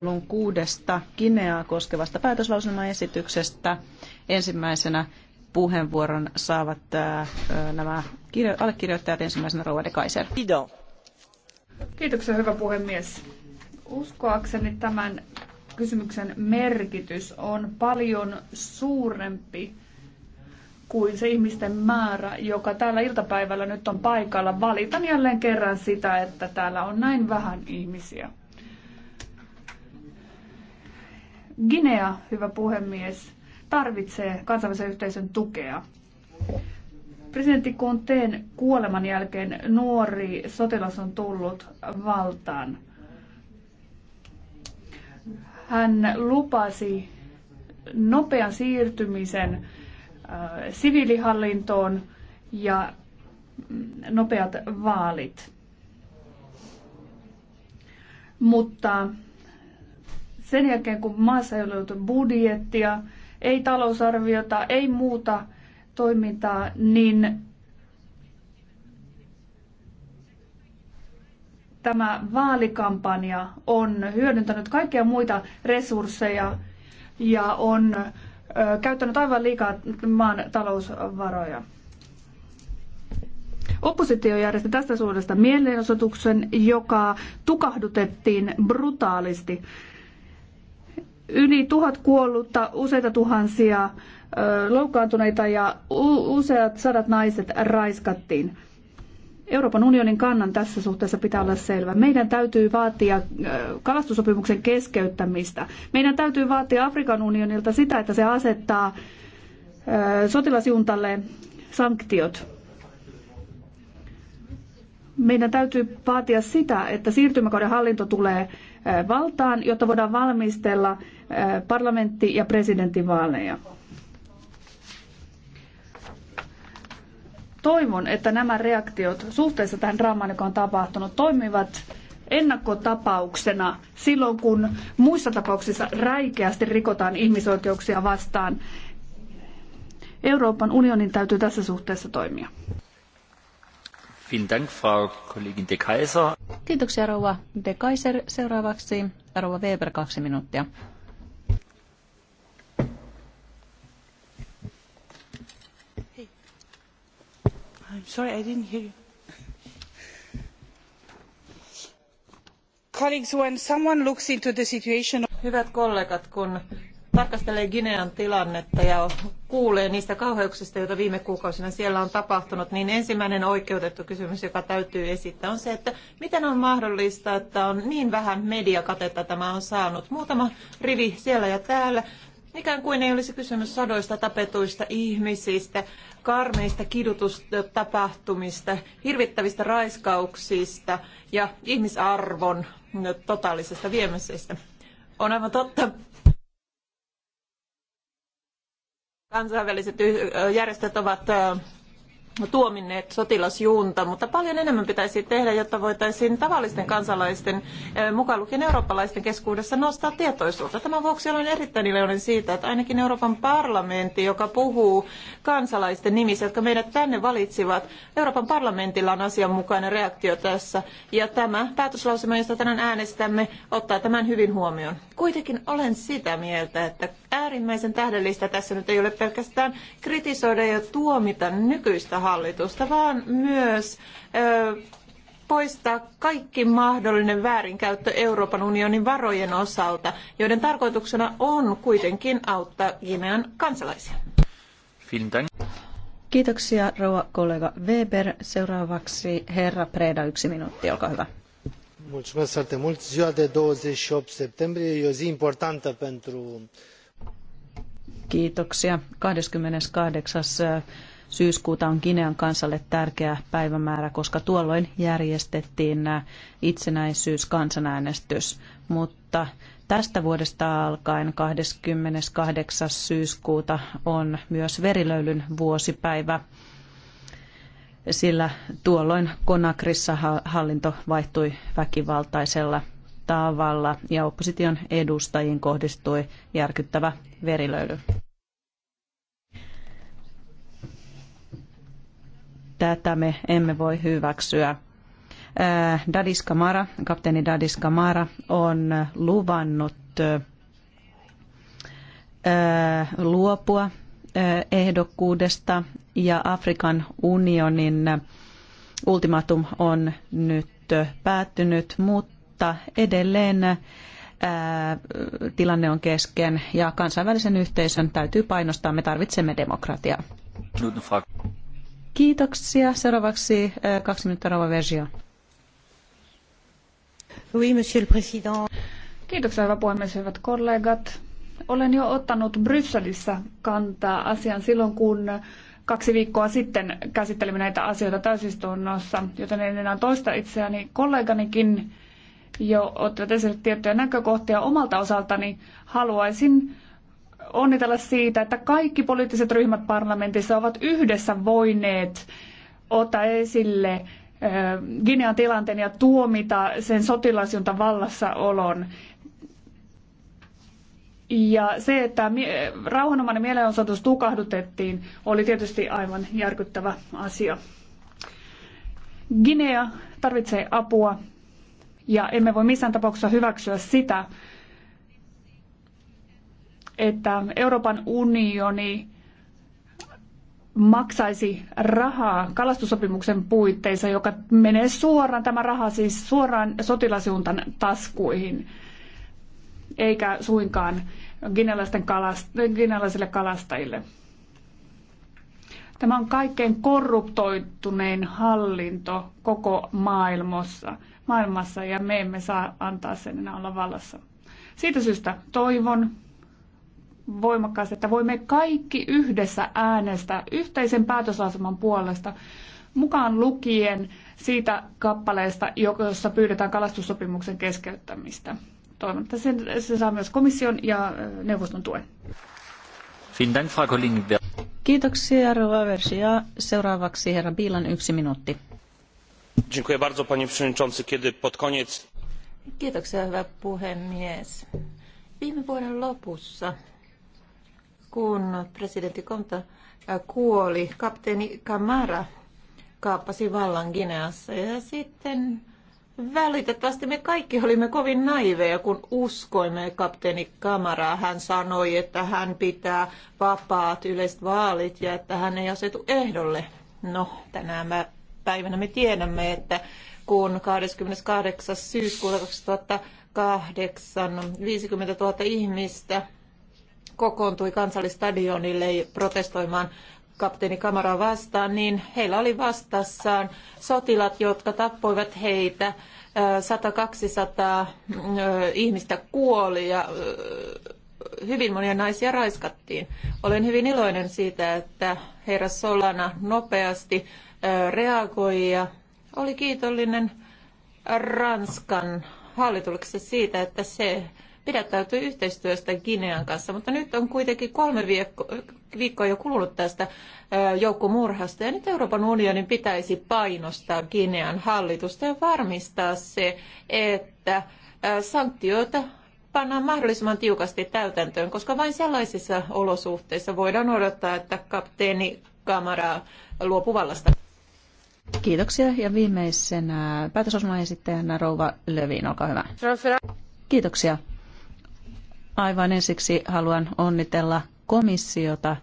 keskustelun kuudesta Kineaa koskevasta esityksestä Ensimmäisenä puheenvuoron saavat äh, äh, nämä allekirjoittajat ensimmäisenä Rouva de Kaiser. Kiitoksia hyvä puhemies. Uskoakseni tämän kysymyksen merkitys on paljon suurempi kuin se ihmisten määrä, joka täällä iltapäivällä nyt on paikalla. Valitan jälleen kerran sitä, että täällä on näin vähän ihmisiä. Guinea, hyvä puhemies, tarvitsee kansainvälisen yhteisön tukea. Presidentti Conteen kuoleman jälkeen nuori sotilas on tullut valtaan. Hän lupasi nopean siirtymisen äh, siviilihallintoon ja mm, nopeat vaalit. Mutta sen jälkeen, kun maassa ei ole ollut budjettia, ei talousarviota, ei muuta toimintaa, niin tämä vaalikampanja on hyödyntänyt kaikkia muita resursseja ja on käyttänyt aivan liikaa maan talousvaroja. Oppositio järjesti tästä suudesta mielenosoituksen, joka tukahdutettiin brutaalisti yli tuhat kuollutta, useita tuhansia loukkaantuneita ja useat sadat naiset raiskattiin. Euroopan unionin kannan tässä suhteessa pitää olla selvä. Meidän täytyy vaatia kalastussopimuksen keskeyttämistä. Meidän täytyy vaatia Afrikan unionilta sitä, että se asettaa sotilasjuntalle sanktiot meidän täytyy vaatia sitä, että siirtymäkauden hallinto tulee valtaan, jotta voidaan valmistella parlamentti- ja presidentinvaaleja. Toivon, että nämä reaktiot suhteessa tähän draamaan, joka on tapahtunut, toimivat ennakkotapauksena silloin, kun muissa tapauksissa räikeästi rikotaan ihmisoikeuksia vastaan. Euroopan unionin täytyy tässä suhteessa toimia. Kiitoksia rouva De Kaiser. Seuraavaksi rouva Weber kaksi minuuttia. Hey. I'm sorry, I didn't hear you. Colleagues, when someone looks into the situation... Hyvät kollegat, kun tarkastelee Ginean tilannetta ja kuulee niistä kauheuksista, joita viime kuukausina siellä on tapahtunut, niin ensimmäinen oikeutettu kysymys, joka täytyy esittää, on se, että miten on mahdollista, että on niin vähän mediakatetta tämä on saanut. Muutama rivi siellä ja täällä. Ikään kuin ei olisi kysymys sadoista tapetuista ihmisistä, karmeista kidutustapahtumista, hirvittävistä raiskauksista ja ihmisarvon totaalisesta viemisestä. On aivan totta, Kansainväliset järjestöt ovat tuominneet sotilasjunta, mutta paljon enemmän pitäisi tehdä, jotta voitaisiin tavallisten kansalaisten, eh, mukaan lukien eurooppalaisten keskuudessa, nostaa tietoisuutta. Tämän vuoksi olen erittäin iloinen siitä, että ainakin Euroopan parlamentti, joka puhuu kansalaisten nimissä, jotka meidät tänne valitsivat, Euroopan parlamentilla on asianmukainen reaktio tässä. Ja tämä päätöslausema, josta tänään äänestämme, ottaa tämän hyvin huomioon. Kuitenkin olen sitä mieltä, että äärimmäisen tähdellistä tässä nyt ei ole pelkästään kritisoida ja tuomita nykyistä hallitusta, vaan myös poistaa kaikki mahdollinen väärinkäyttö Euroopan unionin varojen osalta, joiden tarkoituksena on kuitenkin auttaa Ginean kansalaisia. Kiitoksia rouva kollega Weber. Seuraavaksi herra Preda, yksi minuutti, olkaa hyvä. Mulțumesc foarte mult. Ziua de 28 septembrie e o zi importantă pentru Kiitoksia. 28 syyskuuta on Kinean kansalle tärkeä päivämäärä, koska tuolloin järjestettiin äh, itsenäisyyskansanäänestys. Mutta tästä vuodesta alkaen 28. syyskuuta on myös verilöylyn vuosipäivä sillä tuolloin Konakrissa hallinto vaihtui väkivaltaisella tavalla ja opposition edustajiin kohdistui järkyttävä verilöyly. Tätä me emme voi hyväksyä. Äh, Dadis Kamara, kapteeni Dadis Kamara on luvannut äh, luopua äh, ehdokkuudesta ja Afrikan unionin ultimatum on nyt päättynyt, mutta edelleen tilanne on kesken ja kansainvälisen yhteisön täytyy painostaa. Me tarvitsemme demokratiaa. Kiitoksia. Seuraavaksi eh, kaksi minuuttia Rova Vergia. Oui, monsieur le président. Kiitoksia, hyvä puhemies, hyvät kollegat. Olen jo ottanut Brysselissä kantaa asian silloin, kun kaksi viikkoa sitten käsittelimme näitä asioita täysistunnossa, joten en enää toista itseäni. Kolleganikin jo ottivat esille tiettyjä näkökohtia omalta osaltani. Haluaisin onnitella siitä, että kaikki poliittiset ryhmät parlamentissa ovat yhdessä voineet ottaa esille Ginean tilanteen ja tuomita sen sotilasjunta vallassaolon. Ja se, että rauhanomainen mielenosoitus tukahdutettiin, oli tietysti aivan järkyttävä asia. Guinea tarvitsee apua ja emme voi missään tapauksessa hyväksyä sitä, että Euroopan unioni maksaisi rahaa kalastussopimuksen puitteissa, joka menee suoraan, tämä raha siis suoraan sotilasjuntan taskuihin, eikä suinkaan kalast, kalastajille. Tämä on kaikkein korruptoitunein hallinto koko maailmassa, maailmassa ja me emme saa antaa sen enää olla vallassa. Siitä syystä toivon, voimakkaasti, että voimme kaikki yhdessä äänestää yhteisen päätöslauselman puolesta, mukaan lukien siitä kappaleesta, jossa pyydetään kalastussopimuksen keskeyttämistä. Toivon, että se, se saa myös komission ja neuvoston tuen. Kiitoksia, Rova Versia. Seuraavaksi herra Biilan yksi minuutti. Kiitoksia, hyvä puhemies. Viime vuoden lopussa kun presidentti Konta kuoli, kapteeni Kamara kaappasi vallan Gineassa ja sitten Välitettävästi me kaikki olimme kovin naiveja, kun uskoimme kapteeni Kamaraa. Hän sanoi, että hän pitää vapaat yleiset vaalit ja että hän ei asetu ehdolle. No, tänään mä, päivänä me tiedämme, että kun 28. syyskuuta 2008 50 000 ihmistä kokoontui kansallistadionille protestoimaan kapteeni Kamaraa vastaan, niin heillä oli vastassaan sotilat, jotka tappoivat heitä. 100-200 ihmistä kuoli ja hyvin monia naisia raiskattiin. Olen hyvin iloinen siitä, että herra Solana nopeasti reagoi ja oli kiitollinen Ranskan hallitukselle siitä, että se pidättäytyy yhteistyöstä Ginean kanssa, mutta nyt on kuitenkin kolme viikko, viikkoa jo kulunut tästä joukkomurhasta ja nyt Euroopan unionin pitäisi painostaa Ginean hallitusta ja varmistaa se, että sanktioita pannaan mahdollisimman tiukasti täytäntöön, koska vain sellaisissa olosuhteissa voidaan odottaa, että kapteeni Kamara luo vallasta. Kiitoksia ja viimeisenä päätösosmaesittäjänä Rouva Lövin, olkaa hyvä. Kiitoksia Aivan ensiksi haluan onnitella komissiota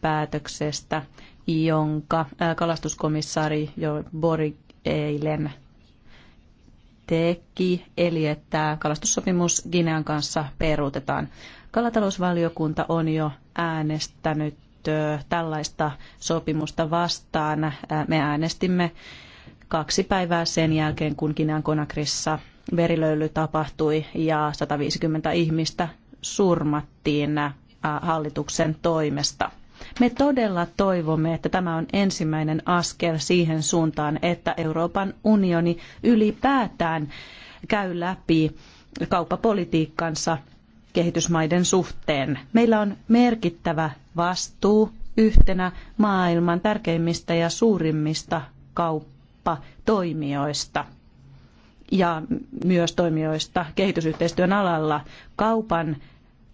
päätöksestä, jonka äh, kalastuskomissaari jo Borg eilen teki, eli että kalastussopimus Ginean kanssa peruutetaan. Kalatalousvaliokunta on jo äänestänyt äh, tällaista sopimusta vastaan. Äh, me äänestimme kaksi päivää sen jälkeen, kun Kinan Konakrissa verilöyly tapahtui ja 150 ihmistä surmattiin äh, hallituksen toimesta. Me todella toivomme, että tämä on ensimmäinen askel siihen suuntaan, että Euroopan unioni ylipäätään käy läpi kauppapolitiikkansa kehitysmaiden suhteen. Meillä on merkittävä vastuu yhtenä maailman tärkeimmistä ja suurimmista kauppatoimijoista ja myös toimijoista kehitysyhteistyön alalla kaupan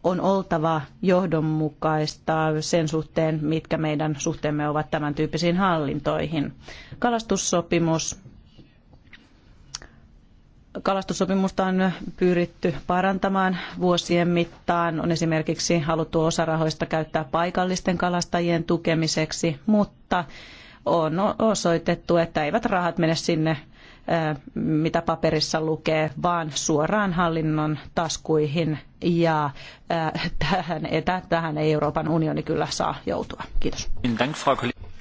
on oltava johdonmukaista sen suhteen, mitkä meidän suhteemme ovat tämän tyyppisiin hallintoihin. Kalastussopimus. Kalastussopimusta on pyritty parantamaan vuosien mittaan. On esimerkiksi haluttu osa rahoista käyttää paikallisten kalastajien tukemiseksi, mutta on osoitettu, että eivät rahat mene sinne mitä paperissa lukee, vaan suoraan hallinnon taskuihin ja tähän, etä, tähän ei Euroopan unioni kyllä saa joutua. Kiitos.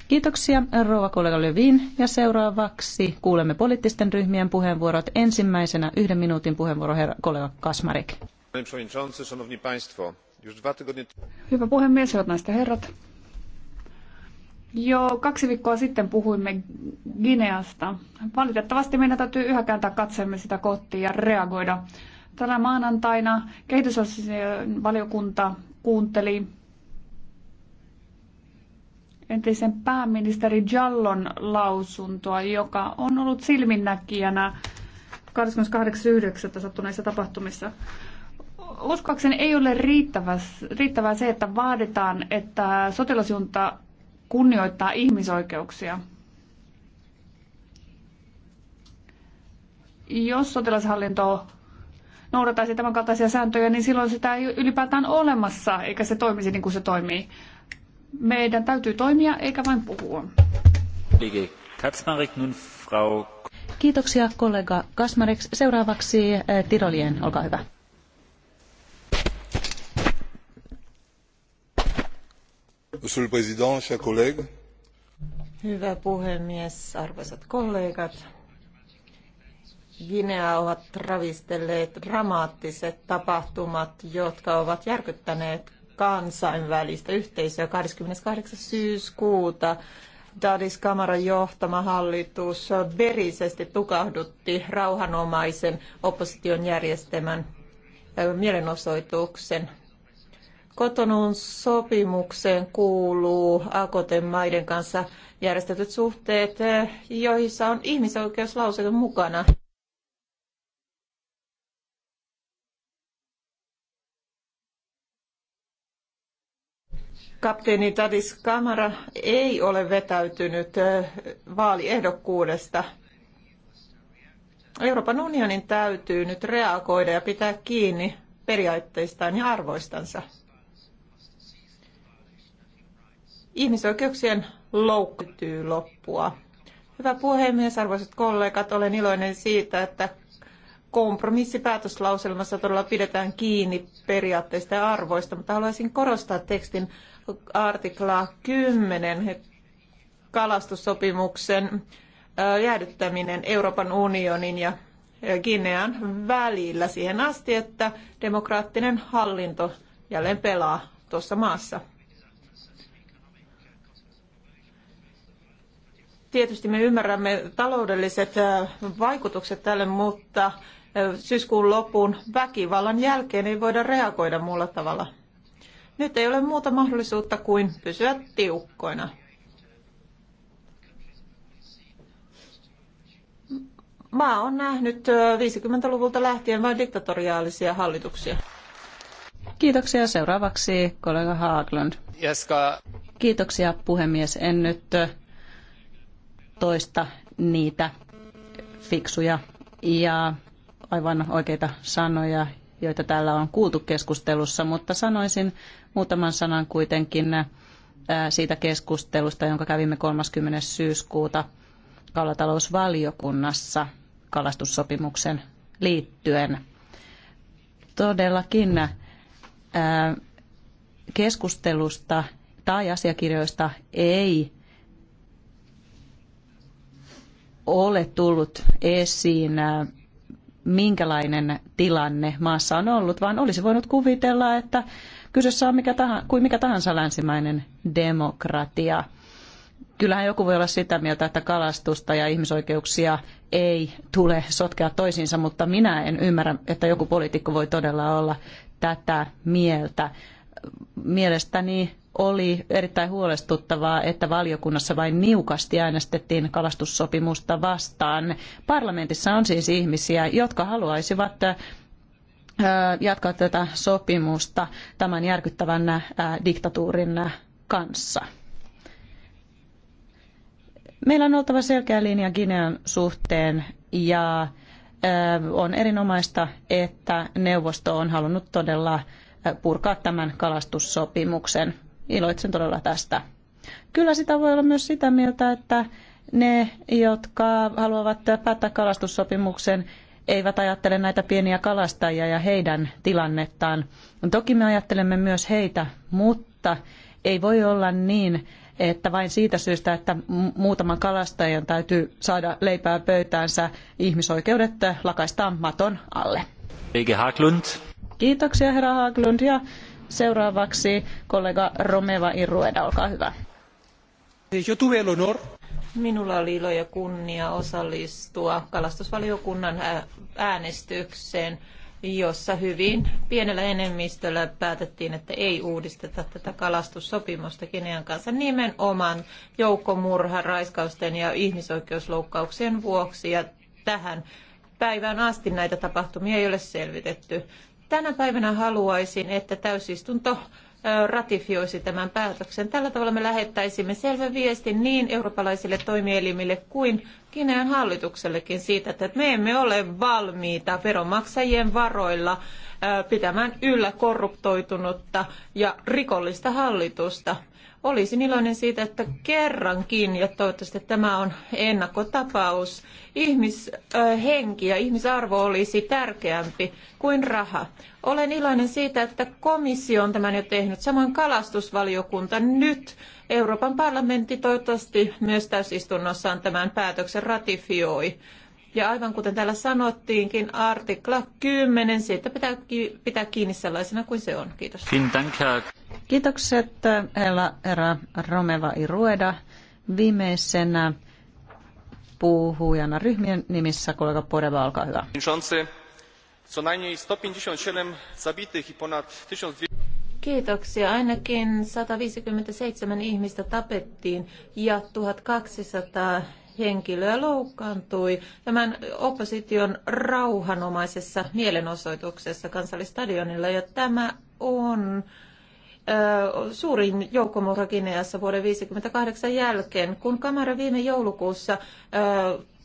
Kiitoksia rouva kollega Lövin ja seuraavaksi kuulemme poliittisten ryhmien puheenvuorot. Ensimmäisenä yhden minuutin puheenvuoro herra kollega Kasmarik. Hyvä puhemies, hyvät naiset ja herrat. Jo kaksi viikkoa sitten puhuimme Gineasta. Valitettavasti meidän täytyy yhä kääntää katseemme sitä kohti ja reagoida. Tänä maanantaina kehitysasian valiokunta kuunteli entisen pääministeri Jallon lausuntoa, joka on ollut silminnäkijänä 28.9. sattuneissa tapahtumissa. Uskoakseni ei ole riittävää, riittävää se, että vaaditaan, että sotilasjunta kunnioittaa ihmisoikeuksia. Jos sotilashallinto noudattaisi tämän kaltaisia sääntöjä, niin silloin sitä ei ylipäätään olemassa, eikä se toimisi niin kuin se toimii. Meidän täytyy toimia, eikä vain puhua. Kiitoksia kollega Kasmarek. Seuraavaksi eh, Tirolien, olkaa hyvä. Monsieur le Président, chers collègues. Hyvä puhemies, arvoisat kollegat. Guinea ovat ravistelleet dramaattiset tapahtumat, jotka ovat järkyttäneet kansainvälistä yhteisöä 28. syyskuuta. Dadis Kamaran johtama hallitus verisesti tukahdutti rauhanomaisen opposition järjestämän mielenosoituksen Kotonun sopimukseen kuuluu AKT-maiden kanssa järjestetyt suhteet, joissa on ihmisoikeuslauseke mukana. kapteeni Tadis Kamara ei ole vetäytynyt eh, vaaliehdokkuudesta. Euroopan unionin täytyy nyt reagoida ja pitää kiinni periaatteistaan ja arvoistansa. ihmisoikeuksien loukkytyy loppua. Hyvä puhemies, arvoisat kollegat, olen iloinen siitä, että kompromissipäätöslauselmassa todella pidetään kiinni periaatteista ja arvoista, mutta haluaisin korostaa tekstin artiklaa 10 kalastussopimuksen jäädyttäminen Euroopan unionin ja Ginean välillä siihen asti, että demokraattinen hallinto jälleen pelaa tuossa maassa. tietysti me ymmärrämme taloudelliset äh, vaikutukset tälle, mutta äh, syyskuun lopun väkivallan jälkeen ei voida reagoida muulla tavalla. Nyt ei ole muuta mahdollisuutta kuin pysyä tiukkoina. Maa on nähnyt 50-luvulta äh, lähtien vain diktatoriaalisia hallituksia. Kiitoksia. Seuraavaksi kollega Haaglund. Jeska. Kiitoksia puhemies. En nyt toista niitä fiksuja ja aivan oikeita sanoja, joita täällä on kuultu keskustelussa, mutta sanoisin muutaman sanan kuitenkin äh, siitä keskustelusta, jonka kävimme 30. syyskuuta kalatalousvaliokunnassa kalastussopimuksen liittyen. Todellakin äh, keskustelusta tai asiakirjoista ei ole tullut esiin, äh, minkälainen tilanne maassa on ollut, vaan olisi voinut kuvitella, että kyseessä on mikä tahansa, kuin mikä tahansa länsimainen demokratia. Kyllähän joku voi olla sitä mieltä, että kalastusta ja ihmisoikeuksia ei tule sotkea toisiinsa, mutta minä en ymmärrä, että joku poliitikko voi todella olla tätä mieltä mielestäni oli erittäin huolestuttavaa, että valiokunnassa vain niukasti äänestettiin kalastussopimusta vastaan. Parlamentissa on siis ihmisiä, jotka haluaisivat äh, jatkaa tätä sopimusta tämän järkyttävän äh, diktatuurin äh, kanssa. Meillä on oltava selkeä linja Ginean suhteen ja on erinomaista, että neuvosto on halunnut todella purkaa tämän kalastussopimuksen. Iloitsen todella tästä. Kyllä sitä voi olla myös sitä mieltä, että ne, jotka haluavat päättää kalastussopimuksen, eivät ajattele näitä pieniä kalastajia ja heidän tilannettaan. Toki me ajattelemme myös heitä, mutta ei voi olla niin, että vain siitä syystä, että muutaman kalastajan täytyy saada leipää pöytäänsä, ihmisoikeudet lakaistaan maton alle. Eike Haglund. Kiitoksia herra Haglund ja seuraavaksi kollega Romeva Irrueda, olkaa hyvä. Minulla oli ilo ja kunnia osallistua kalastusvaliokunnan äänestykseen, jossa hyvin pienellä enemmistöllä päätettiin, että ei uudisteta tätä kalastussopimusta Kinean kanssa nimenomaan joukkomurha, raiskausten ja ihmisoikeusloukkauksien vuoksi. Ja tähän päivään asti näitä tapahtumia ei ole selvitetty. Tänä päivänä haluaisin, että täysistunto ratifioisi tämän päätöksen. Tällä tavalla me lähettäisimme selvä viestin niin eurooppalaisille toimielimille kuin Kiinan hallituksellekin siitä, että me emme ole valmiita veronmaksajien varoilla pitämään yllä korruptoitunutta ja rikollista hallitusta. Olisin iloinen siitä, että kerrankin, ja toivottavasti tämä on ennakkotapaus, ihmishenki ja ihmisarvo olisi tärkeämpi kuin raha. Olen iloinen siitä, että komissio on tämän jo tehnyt, samoin kalastusvaliokunta nyt. Euroopan parlamentti toivottavasti myös täysistunnossaan tämän päätöksen ratifioi. Ja aivan kuten täällä sanottiinkin, artikla 10, siitä pitää, pitää kiinni sellaisena kuin se on. Kiitos. Kiitos. Kiitokset herra Romeva Irueda. Viimeisenä puhujana ryhmien nimissä kollega Poreva, olkaa hyvä. Kiitoksia. Ainakin 157 ihmistä tapettiin ja 1200 henkilöä loukkaantui tämän opposition rauhanomaisessa mielenosoituksessa kansallistadionilla. Ja tämä on suurin joukkomurha Gineassa vuoden 1958 jälkeen. Kun Kamara viime joulukuussa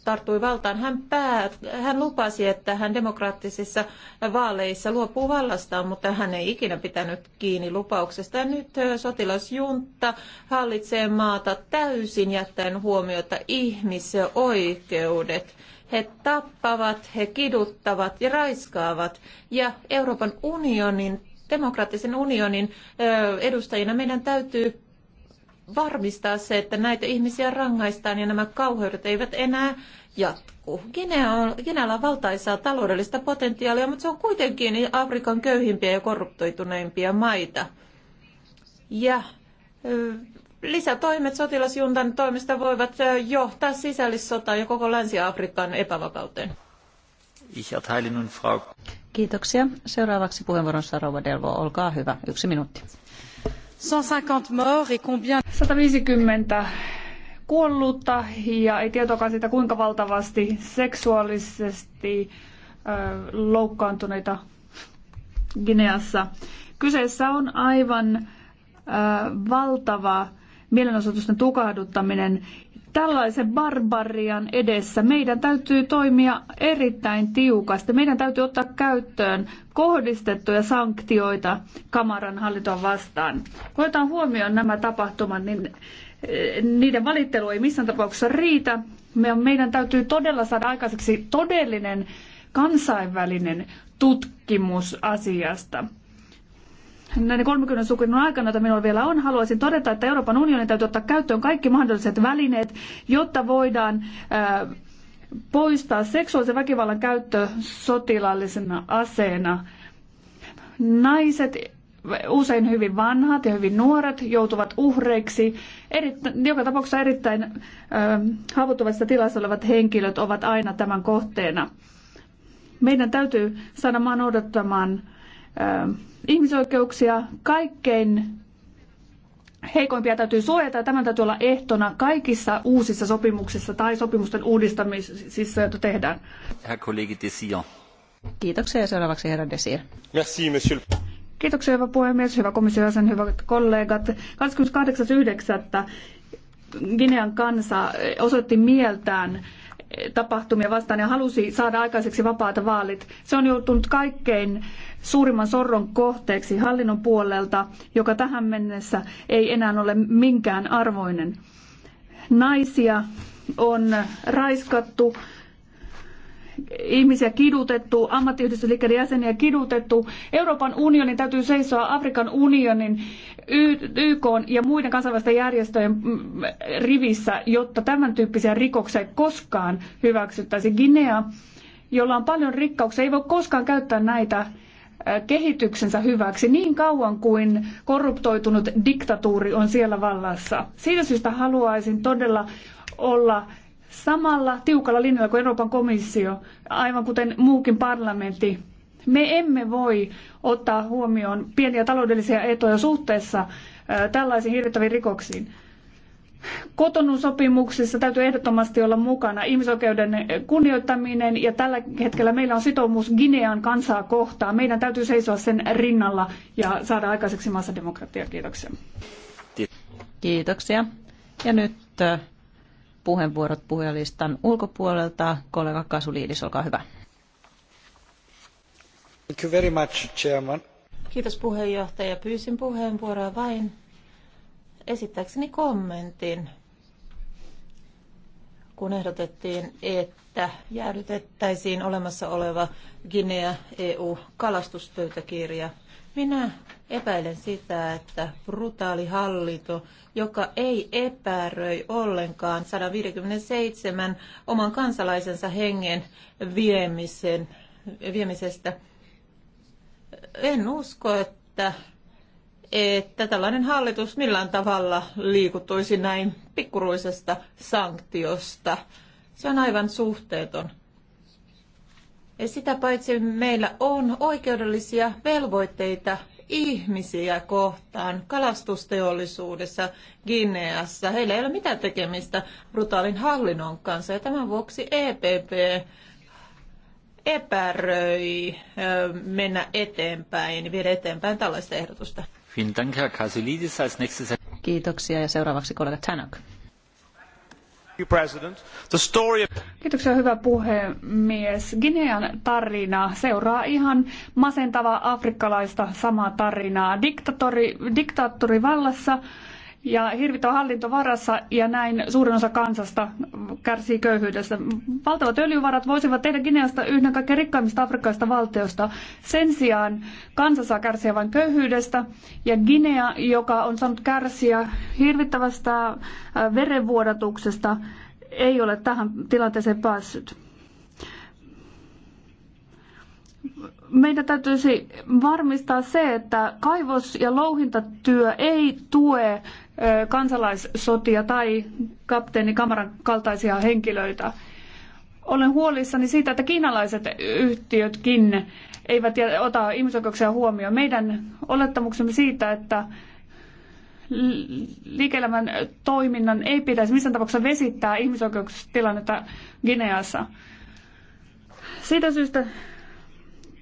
tarttui valtaan, hän, pää, hän lupasi, että hän demokraattisissa vaaleissa luopuu vallastaan, mutta hän ei ikinä pitänyt kiinni lupauksesta. Ja nyt sotilasjunta hallitsee maata täysin jättäen huomiota ihmisoikeudet. He tappavat, he kiduttavat ja raiskaavat. Ja Euroopan unionin demokraattisen unionin edustajina meidän täytyy varmistaa se, että näitä ihmisiä rangaistaan ja nämä kauheudet eivät enää jatku. Ginealla on valtaisaa taloudellista potentiaalia, mutta se on kuitenkin Afrikan köyhimpiä ja korruptoituneimpia maita. Ja lisätoimet sotilasjuntan toimesta voivat johtaa sisällissotaan ja koko Länsi-Afrikan epävakauteen. Ich erteile nun Frau... Kiitoksia. Seuraavaksi puheenvuoron saa Rouva Delvo. Olkaa hyvä. Yksi minuutti. 150 morts et combien... 150 kuollutta ja ei tietoakaan sitä kuinka valtavasti seksuaalisesti ö, loukkaantuneita Gineassa. Kyseessä on aivan ö, valtava mielenosoitusten tukahduttaminen. Tällaisen barbarian edessä meidän täytyy toimia erittäin tiukasti. Meidän täytyy ottaa käyttöön kohdistettuja sanktioita kamaran hallintoa vastaan. Kun otetaan huomioon nämä tapahtumat, niin eh, niiden valittelu ei missään tapauksessa riitä. Meidän täytyy todella saada aikaiseksi todellinen kansainvälinen tutkimus asiasta näiden 30 sukunnan aikana, jota minulla vielä on, haluaisin todeta, että Euroopan unionin täytyy ottaa käyttöön kaikki mahdolliset välineet, jotta voidaan poistaa seksuaalisen väkivallan käyttö sotilaallisena aseena. Naiset, usein hyvin vanhat ja hyvin nuoret, joutuvat uhreiksi. Erittä, joka tapauksessa erittäin haavoittuvassa tilassa olevat henkilöt ovat aina tämän kohteena. Meidän täytyy saada maan odottamaan ihmisoikeuksia kaikkein heikoimpia täytyy suojata ja tämän täytyy olla ehtona kaikissa uusissa sopimuksissa tai sopimusten uudistamisissa, joita tehdään. Kiitoksia ja seuraavaksi herra Desir. Merci, monsieur. Kiitoksia, hyvä puhemies, hyvä komission jäsen, hyvät kollegat. 28.9. Ginean kansa osoitti mieltään tapahtumia vastaan ja halusi saada aikaiseksi vapaat vaalit. Se on joutunut kaikkein suurimman sorron kohteeksi hallinnon puolelta, joka tähän mennessä ei enää ole minkään arvoinen. Naisia on raiskattu, ihmisiä kidutettu, ammattiyhdistysliikkeiden jäseniä kidutettu. Euroopan unionin täytyy seisoa Afrikan unionin, YK ja muiden kansainvälisten järjestöjen mm, rivissä, jotta tämän tyyppisiä rikoksia ei koskaan hyväksyttäisi. Guinea, jolla on paljon rikkauksia, ei voi koskaan käyttää näitä äh, kehityksensä hyväksi niin kauan kuin korruptoitunut diktatuuri on siellä vallassa. Siitä syystä haluaisin todella olla samalla tiukalla linjalla kuin Euroopan komissio, aivan kuten muukin parlamentti. Me emme voi ottaa huomioon pieniä taloudellisia etuja suhteessa tällaisiin hirvittäviin rikoksiin. Kotonun sopimuksissa täytyy ehdottomasti olla mukana ihmisoikeuden kunnioittaminen ja tällä hetkellä meillä on sitoumus Ginean kansaa kohtaan. Meidän täytyy seisoa sen rinnalla ja saada aikaiseksi maassa demokratia. Kiitoksia. Kiitoksia. Ja nyt puheenvuorot puhujalistan ulkopuolelta. Kollega Kasuliidis, olkaa hyvä. Thank you very much, Chairman. Kiitos puheenjohtaja. Pyysin puheenvuoroa vain esittääkseni kommentin, kun ehdotettiin, että jäädytettäisiin olemassa oleva Guinea EU-kalastuspöytäkirja. Minä Epäilen sitä, että brutaali hallinto, joka ei epäröi ollenkaan 157 oman kansalaisensa hengen viemisen, viemisestä, en usko, että, että tällainen hallitus millään tavalla liikutuisi näin pikkuruisesta sanktiosta. Se on aivan suhteeton. Ja sitä paitsi meillä on oikeudellisia velvoitteita ihmisiä kohtaan kalastusteollisuudessa Gineassa. Heillä ei ole mitään tekemistä brutaalin hallinnon kanssa ja tämän vuoksi EPP epäröi mennä eteenpäin, viedä eteenpäin tällaista ehdotusta. Kiitoksia ja seuraavaksi kollega Tanok. Kiitoksia, hyvä puhemies. Ginean tarina seuraa ihan masentavaa afrikkalaista samaa tarinaa. Diktatori, diktaattori vallassa ja hirvittävä hallinto varassa ja näin suurin osa kansasta kärsii köyhyydestä. Valtavat öljyvarat voisivat tehdä Gineasta yhden kaikkein rikkaimmista afrikkalaisista valtioista. Sen sijaan kansa saa kärsiä vain köyhyydestä ja Guinea, joka on saanut kärsiä hirvittävästä äh, verenvuodatuksesta, ei ole tähän tilanteeseen päässyt. meidän täytyisi varmistaa se, että kaivos- ja louhintatyö ei tue kansalaissotia tai kapteeni Kamaran kaltaisia henkilöitä. Olen huolissani siitä, että kiinalaiset yhtiötkin eivät ota ihmisoikeuksia huomioon. Meidän olettamuksemme siitä, että liike-elämän toiminnan ei pitäisi missään tapauksessa vesittää ihmisoikeustilannetta Gineassa. Siitä syystä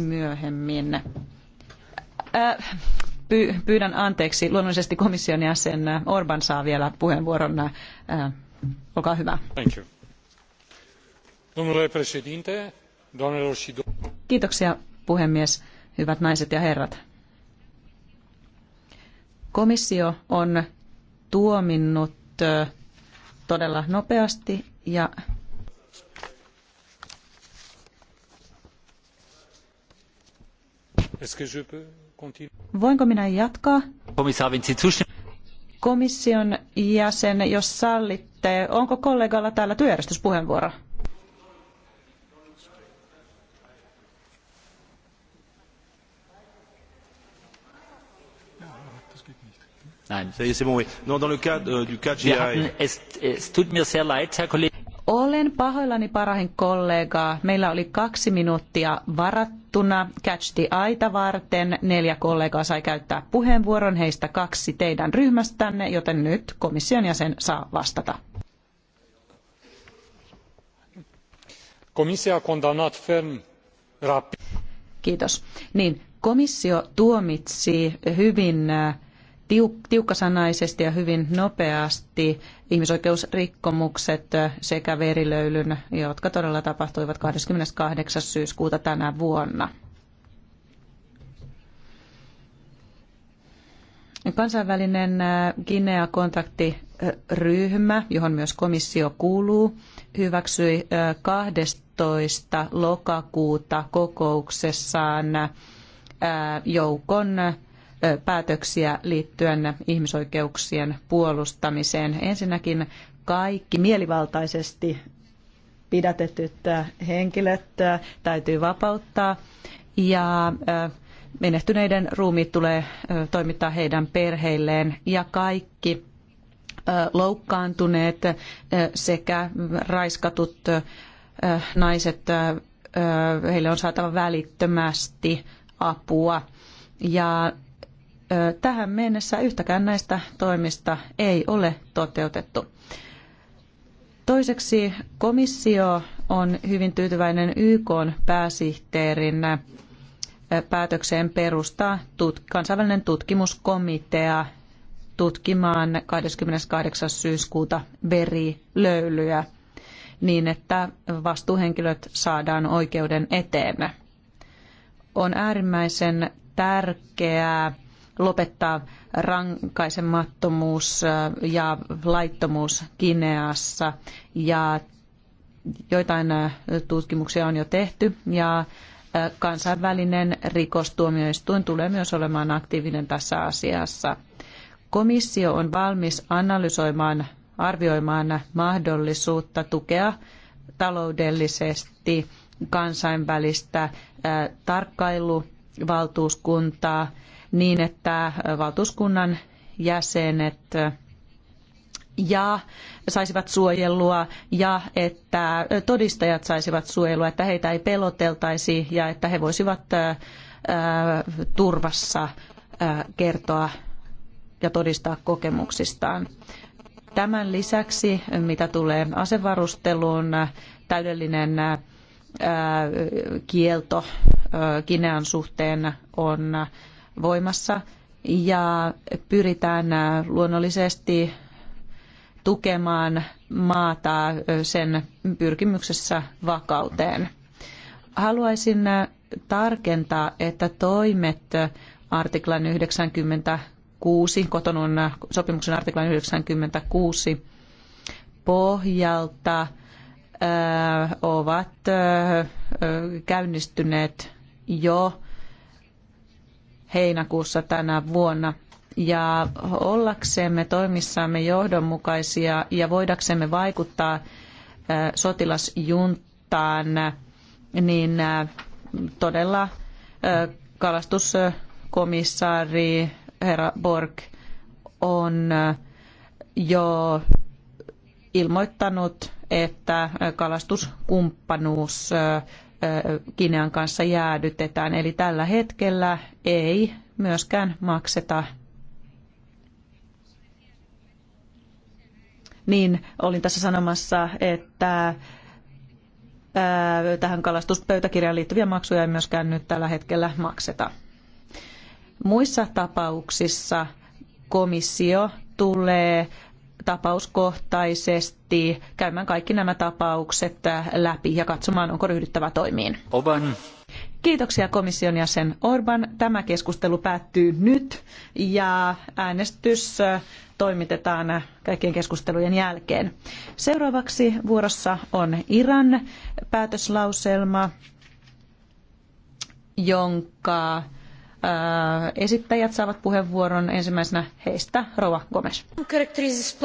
myöhemmin. Äh, pyydän anteeksi, luonnollisesti komission jäsen Orban saa vielä puheenvuoron. Äh, olkaa hyvä. Thank you. Kiitoksia puhemies, hyvät naiset ja herrat. Komissio on tuominnut äh, todella nopeasti ja Voinko minä jatkaa? Komission jäsen, jos sallitte, onko kollegalla täällä työjärjestyspuheenvuoro? E. Olen pahoillani parahin kollegaa. Meillä oli kaksi minuuttia varattu varattuna Catch the Aita varten. Neljä kollegaa sai käyttää puheenvuoron, heistä kaksi teidän ryhmästänne, joten nyt komission jäsen saa vastata. Komissio Kiitos. Niin, komissio tuomitsi hyvin äh, tiukkasanaisesti ja hyvin nopeasti ihmisoikeusrikkomukset sekä verilöylyn, jotka todella tapahtuivat 28. syyskuuta tänä vuonna. Kansainvälinen äh, Guinea-kontaktiryhmä, johon myös komissio kuuluu, hyväksyi 12. Äh, lokakuuta kokouksessaan äh, joukon päätöksiä liittyen ihmisoikeuksien puolustamiseen. Ensinnäkin kaikki mielivaltaisesti pidätetyt henkilöt täytyy vapauttaa ja menehtyneiden ruumiit tulee toimittaa heidän perheilleen ja kaikki loukkaantuneet sekä raiskatut naiset, heille on saatava välittömästi apua. Ja Tähän mennessä yhtäkään näistä toimista ei ole toteutettu. Toiseksi komissio on hyvin tyytyväinen YK pääsihteerin päätökseen perustaa kansainvälinen tutkimuskomitea tutkimaan 28. syyskuuta verilöylyä niin, että vastuuhenkilöt saadaan oikeuden eteen. On äärimmäisen tärkeää, lopettaa rankaisemattomuus äh, ja laittomuus Kineassa ja joitain äh, tutkimuksia on jo tehty ja äh, kansainvälinen rikostuomioistuin tulee myös olemaan aktiivinen tässä asiassa. Komissio on valmis analysoimaan, arvioimaan mahdollisuutta tukea taloudellisesti kansainvälistä tarkkailuvaltuuskuntaa – niin, että valtuuskunnan jäsenet ja saisivat suojelua ja että todistajat saisivat suojelua, että heitä ei peloteltaisi ja että he voisivat turvassa kertoa ja todistaa kokemuksistaan. Tämän lisäksi, mitä tulee asevarusteluun, täydellinen kielto Kinean suhteen on voimassa ja pyritään äh, luonnollisesti tukemaan maata äh, sen pyrkimyksessä vakauteen. Haluaisin äh, tarkentaa, että toimet artiklan 96, kotonun sopimuksen artiklan 96 pohjalta ovat käynnistyneet jo heinäkuussa tänä vuonna. Ja ollaksemme toimissamme johdonmukaisia ja voidaksemme vaikuttaa sotilasjuntaan, niin todella kalastuskomissaari herra Borg on jo ilmoittanut, että kalastuskumppanuus Kinean kanssa jäädytetään. Eli tällä hetkellä ei myöskään makseta niin olin tässä sanomassa, että tähän kalastuspöytäkirjaan liittyviä maksuja ei myöskään nyt tällä hetkellä makseta. Muissa tapauksissa komissio tulee tapauskohtaisesti käymään kaikki nämä tapaukset läpi ja katsomaan, onko ryhdyttävä toimiin. Oban. Kiitoksia komission jäsen Orban. Tämä keskustelu päättyy nyt ja äänestys toimitetaan kaikkien keskustelujen jälkeen. Seuraavaksi vuorossa on Iran päätöslauselma, jonka esittäjät saavat puheenvuoron ensimmäisenä heistä Rova Gomes.